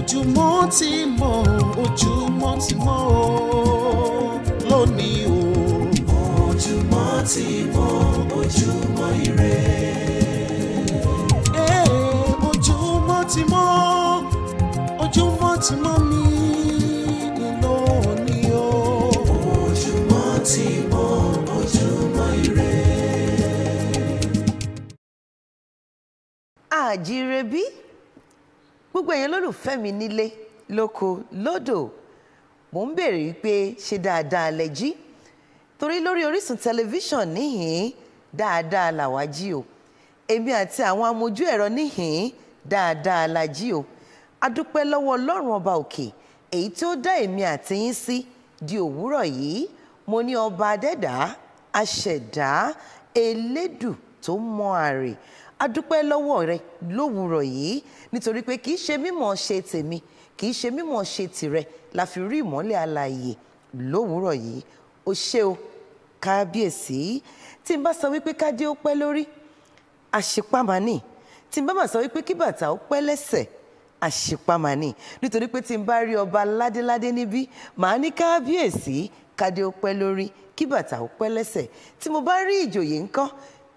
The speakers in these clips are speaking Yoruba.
ojúmọ́ ti mọ́ ojúmọ́ ti mọ́ lónìí o. ojúmọ́ ti mọ́ ojúmọ́ ire. Hey, eh, ojúmọ́ ti mọ́ ojúmọ́ ti mọ́ mi lónìí o. ojúmọ́ ti mọ́ ojúmọ́ ire. àjírẹ́bí. Ah, gbogbo èèyàn lólùfẹ́ mi nílé lóko lódò mò ń béèrè wípé ṣe dáadáa lẹ jí torí lórí Orísun tẹlifíṣàn níhìn-ín dáadáa làwa jí o èmi àti àwọn amójú ẹ̀rọ níhìn dáadáa la jí o adúpẹ́ lọ́wọ́ Ọlọ́run ọba òkè èyí tí ó dá èmi àti yín sí di òwúrọ̀ yìí mo ní ọba adẹ́dàá aṣẹ̀dá elédù tó mọ àrè adúpẹ́ lọ́wọ́ rẹ lówùúrọ̀ yìí nítorí pé kì í ṣe mímọ̀ ṣe tèmi kì í ṣe mímọ̀ ṣe tìrẹ la fi rí ìmọ́lẹ̀ alààyè lówùúrọ̀ yìí o ṣé o kábíyèsí tí n bá sọ wípé kádé ó pẹ́ lórí àṣepamani tí n bá mà sọ wípé kí bàtà ó pẹ́ lẹ́sẹ̀ àṣepamani nítorí pé tí n bá rí ọba ládéládé níbí màá ní kábíyèsí kádé ó pẹ́ lórí kí bàtà ó pẹ́ lẹ́sẹ̀ tí mo bá rí ìjòyè ńkọ́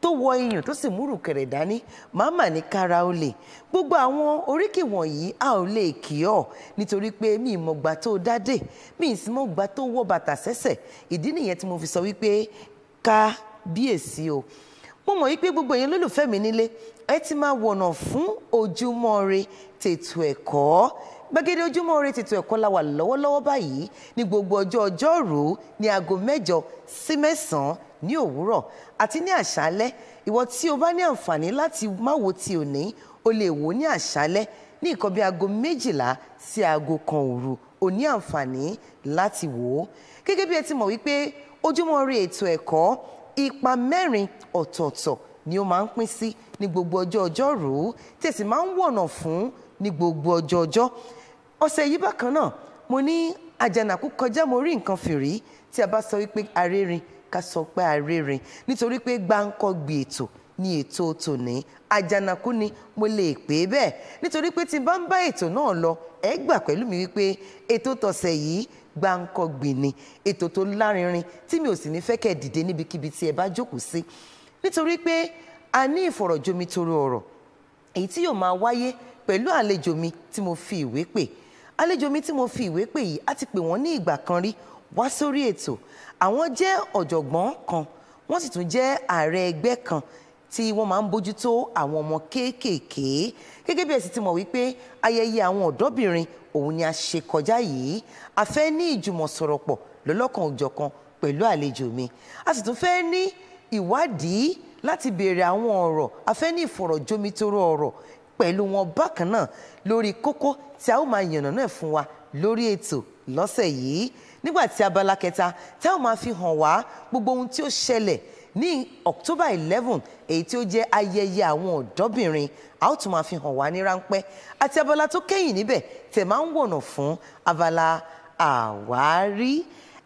tó wọ iyùn tó sì múrù kẹ̀rẹ̀ dání màmá ní kára ó lè gbogbo àwọn oríkì wọ̀nyí a ò lè kì ọ́ nítorí pé mi ì mọ̀gbà tó dádé mi ì sì mọ̀gbà tó wọ bàtà sẹ́sẹ̀ ìdí nìyẹn tí mo fi sọ wípé kábíyèsí o mo mọ̀ wípé gbogbo èèyàn lólùfẹ́ mi nílé ẹ ti máa wọ̀nà fún ojúmọ́ re tètò ẹ̀kọ́ gbàgede ojúmọ́ ire tètò ẹ̀kọ́ la wà lọ́wọ́lọ́wọ́ báyìí ní gbogbo ọjọ́ ọjọ́rú ní aago mẹ́jọ sí mẹ́sàn-án ní òwúrọ̀ àti ní àṣálẹ́ ìwọ tí o bá ní àǹfààní láti má wo ti òní o lè wò ní àṣálẹ́ ní nǹkan bí aago méjìlá sí aago kan òru o ní àǹfààní láti wò ó gẹ́gẹ́ bí ẹ ti mọ̀ wípé ojúmọ́ ire ètò ẹ̀kọ́ ipa mẹ́rin ọ̀tọ̀ọ̀tọ̀ ni ó máa ń pín sí ní gbogbo ọjọ́ ọjọ́rú tẹ̀sí máa ń wọ̀nà fún ní gbogbo ọjọ́ ọjọ́ ọ̀sẹ̀ yìí bákan náà mo ní àjànàkú kọjá mo rí nǹkan fìrí tí a bá sọ wípé arérin ká sọ pé arérin nítorí pé gbáǹkọ́gbì ètò ni ètò tòní àjànàkú ni mo lè pè é bẹ́ẹ̀ nítorí pé tí n bá ń bá ètò náà lọ ẹ gbà pẹ̀lú mi wípé ètò tọ̀sẹ̀ yìí gbáǹkọ́gbì ni ètò tó lárinrin tí mi ò sì ní fẹ́ kẹ́ dìde níbikíbi tí ẹ bá jókòó sí nítorí pé a ní ìfọ̀rọ̀jomitoro ọ̀rọ̀ èyí tí yóò máa wáyé pẹ̀lú àlejò mi tí mo fi ìwé pè àlejò mi tí mo fi ìwé pè yìí á ti pè wọ́n ní ìgbà kan rí wá sórí ètò àwọn jẹ́ ọ̀jọ̀gbọ́n kan wọ́n sì tún jẹ́ ààrẹ ẹgbẹ́ kan tí wọ́n máa ń bójútó àwọn ọmọ kéékèèké gẹ́gẹ́ bí ẹ sì ti mọ̀ wípé ayẹyẹ àwọn ọ̀dọ́bìnrin òun ni a ṣe kọjá yìí a fẹ́ ní ìjùmọ̀sọ̀rọ̀pọ̀ lọ́lọ́kan òjọ̀kan pẹ̀lú àlejò mi a sì tún fẹ́ ní ìwádìí láti béèrè àwọn ọ̀rọ̀ a fẹ́ ní ìfọ̀rọ̀jomitoro ọ̀rọ̀ pẹ̀lú wọn bákan náà lórí kókó tí a ó máa yànnà náà fún wa lórí ètò lọ́sẹ̀ yìí nígbà tí abala kẹta tí a ó máa fi hàn wá gbogbo ohun tí ó ṣẹlẹ̀ ní October eleven èyí tí ó jẹ́ ayẹyẹ àwọn ọ̀dọ́bìnrin a ó tún máa fi hàn wá ní ráńpẹ́ àti abala tó kẹ́yìn níbẹ̀ tẹ̀ máa ń wọ̀nà fún abala àwárí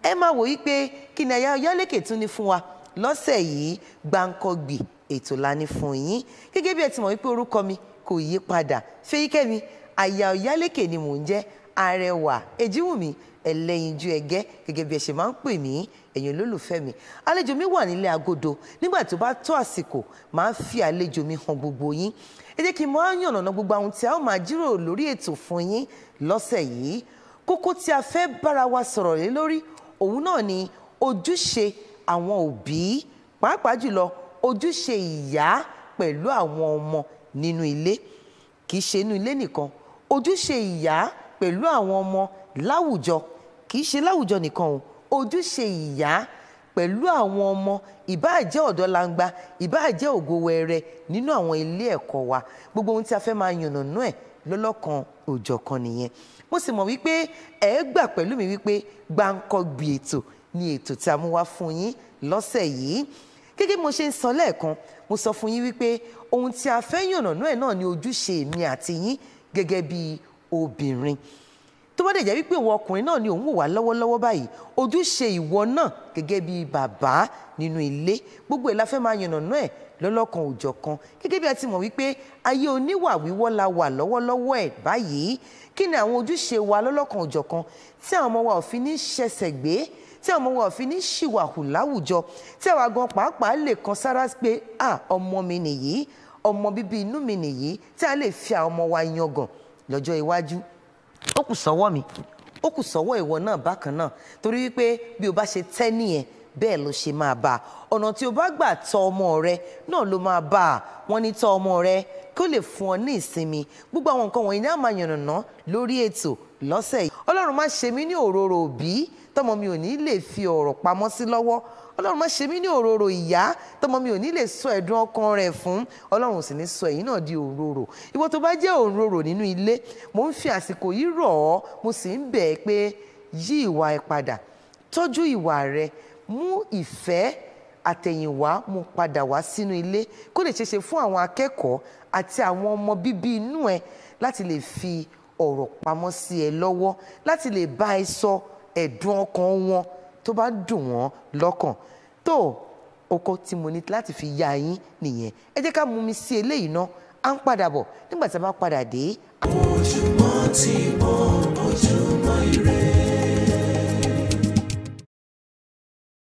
ẹ máa wòye pé kí ni àyà ọyálékè tún ní fún wa lọ́sẹ̀ yìí gbàǹkọ́gbì ètò la fún yín gẹ́gẹ́ bí ẹ ti mọ̀ wípé orúkọ mi kò yí padà fẹ́yíkẹ́mi àyà ọ̀yálékè ni mò ń jẹ́ arẹwà èjìwùmí ẹlẹ́yinjú ẹgẹ́ gẹ́gẹ́ bí ẹ ṣe máa ń pè mí ẹ̀yin olólùfẹ́ mi àlejò mi wà nílé agodo nígbà tó bá tó àsìkò máa ń fi àlejò mi hàn gbogbo yín ẹ jẹ́ kí n máa yànnàná gbogbo àwọn tí a ó máa jíròrò lórí ètò fún yín lọ́sẹ̀ yìí kókó tí a fẹ́ bára wa sọ̀rọ̀ lé lórí òun náà ni ojúṣe àwọn òbí pàápàá jùlọ ojúṣe ìyá pẹ̀lú àwọn ọmọ nínú ilé kì í ṣe inú ilé nìkan ojúṣe ìyá pẹ̀lú àwọn ọmọ láwùjọ kì í ṣe láwùjọ nìkan o ojúṣe ìyá pẹ̀lú àwọn ọmọ ìbáàjẹ́ ọ̀dọ́langba ìbáàjẹ́ ògowẹ̀rẹ̀ nínú àwọn ilé ẹ̀kọ́ wa gbogbo ohun tí a fẹ́ máa yànnàná ẹ̀ lọ́lọ́kan òjọ̀kan nìyẹn mo sì mọ̀ wípé ẹ gbà pẹ̀lú mi wípé gbàǹkọ̀gbì ètò ni ètò tí a mú wá fún yín lọ́sẹ̀ yìí gẹ́gẹ́ bí mo ṣe ń sọ lẹ́ẹ̀kan mo sọ fún yín wípé ohun tí a fẹ́ yànnàná ẹ̀ náà ni ojúṣe mi àti yín gẹ́gẹ́ bí obìnrin tó bá dẹ̀ jẹ́ wípé òun ọkùnrin náà ni òun wò wá lọ́wọ́lọ́wọ́ báyìí ojúṣe ìwọ náà gẹ́gẹ́ bí bàbá nínú ilé gbogbo ẹ̀ la fẹ́ máa yànnàná ẹ̀ lọ́lọ́kan òjọ̀ kan gẹ́gẹ́ bí a ti mọ̀ wípé ayé oníwà wíwọ́ la wà lọ́wọ́lọ́wọ́ ẹ̀ báyìí kí ni àwọn ojúṣe wa lọ́lọ́kan òjọ̀ kan tí àwọn ọmọ wa ò fi ní ṣẹ̀ṣẹ̀ gbé tí àwọn ọmọ wa fi ní ṣìwàhù láwùjọ tí àwa gan pàápàá lè kan sára pé à ọmọ mi nìyí ọmọ bíbí inú mi nìyí tí a lè fi àwọn ọmọ wa yangàn lọ́jọ́ iwájú ó kù sọ́wọ́ mi ó kù sọ́wọ́ ìwọ náà bákan náà torí wípé bí o bá ṣe tẹ́ nìyẹn bẹ́ẹ̀ ló ṣe máa bá a ọ̀nà tí o bá gbà tọ́ ọmọ rẹ náà ló máa bá a wọ́n ní tọ́ ọmọ rẹ kí ó lè fún ọ ní ìsinmi gbogbo àwọn nǹkan wọ̀nyí ní àmà yànnàná lórí ètò lọ́sẹ̀ yìí ọlọ́run má ṣe mí ní òróró òbí tọmọ mi ò ní lè fi ọ̀rọ̀ pamọ́ sí lọ́wọ́ ọlọ́run má ṣe mí ní òróró ìyá tọmọ mi ò ní lè sọ ẹ̀dùn ọkàn rẹ̀ fún ọlọ́run sì ní sọ èyí náà di òróró ìwọ tó bá jẹ́ òróró nínú ilé mo ń fi àsìkò yìí rọ̀ ọ́ mo sì ń bẹ̀ ẹ́ pé yí ìwà ẹ padà tọ́jú ìwà rẹ mú ìfẹ́ àtẹ̀yìnwá mú padà wá sínú ilé kó lè ṣeéṣe fún àwọn akẹ́kọ̀ọ́ àti àwọn ọmọ bíbí inú ẹ láti lè fi ọ̀rọ̀ pamọ́ sí ẹ lọ́wọ́ láti lè bá ẹ sọ ẹ̀dùn ọkàn wọn tó bá dùn wọ́n lọ́kàn tó oko tí mo ní láti fi ya yín nìyẹn ẹ jẹ́ ká mú mi sí eléyìí ná à ń padà bọ̀ nígbà tí a bá padà dé. ojúmọ́ ti mọ́ ojúmọ́ ire.